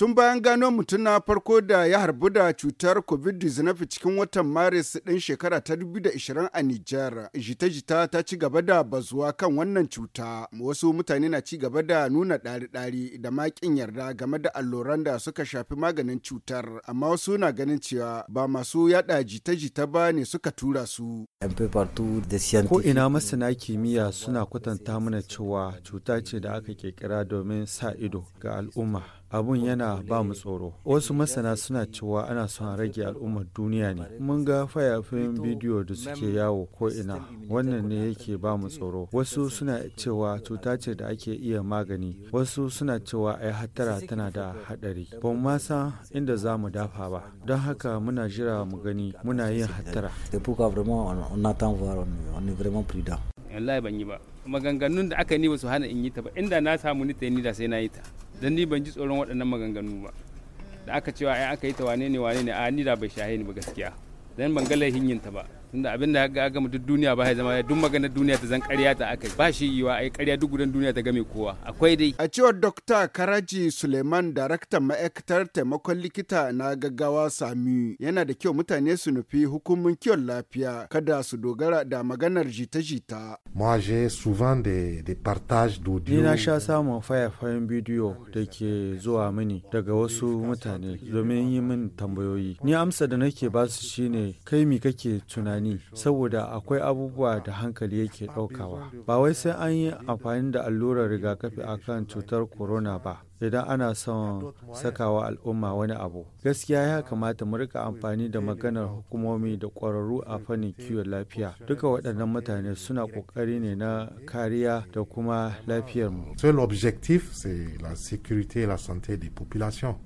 Tun bayan gano mutum na farko da ya harbu da cutar COVID-19 cikin watan Maris ɗin shekara ta 2020 a Nijar, jita-jita ta ci gaba da bazuwa kan wannan cuta. Wasu mutane na ci gaba da nuna ɗari-ɗari da makin yarda game da alloran da suka shafi maganin cutar, amma wasu na ganin cewa ba masu yada jita-jita ba ne suka tura su. Ko ina masana kimiyya suna kwatanta mana cewa cuta ce da aka ƙirƙira domin sa ido ga al'umma. abun yana ba mu tsoro wasu masana suna cewa ana son rage al'ummar duniya ne mun ga fayafin bidiyo da suke yawo ko ina wannan ne yake ba mu tsoro wasu suna cewa cuta ce da ake iya magani wasu suna cewa ai hattara tana da hadari ban ma san inda za mu dafa ba don haka muna jira mu gani muna yin hattara wallahi ban yi ba maganganun da aka ni ba su hana in yi ta ba inda na samu ni ta ni da sai na yi ta don ni ban ji tsoron waɗannan maganganu ba da aka cewa ai aka yi ta wane ne wane ne a ni da bai shahe ni ba gaskiya dan ban ga laihin yin ta ba tunda abin da ga gama duk duniya ba ya zama duk magana duniya ta zan ƙarya ta aka ba shi yiwa ai ƙarya duk gudan duniya ta game kowa akwai dai a cewar dr karaji suleiman daraktan ma'aikatar taimakon likita na gaggawa sami yana da kyau mutane su nufi hukumin kiwon lafiya kada su dogara da maganar jita-jita moi j'ai souvent des de partage d'audio ni na sha samun fayafayen bidiyo da ke zuwa mini daga wasu mutane domin yi min tambayoyi ni amsa da nake ba su shine kai mi kake tunani tunani saboda akwai abubuwa da hankali yake ɗaukawa. Ba wai sai an yi amfani da allurar rigakafi akan cutar corona ba. Idan ana son sakawa al'umma wani abu. Gaskiya ya kamata mu rika amfani da maganar hukumomi da ƙwararru a fannin kiwon lafiya. Duka waɗannan mutane suna ƙoƙari ne na kariya da kuma lafiyarmu. so, objectif, c'est la sécurité la santé des populations.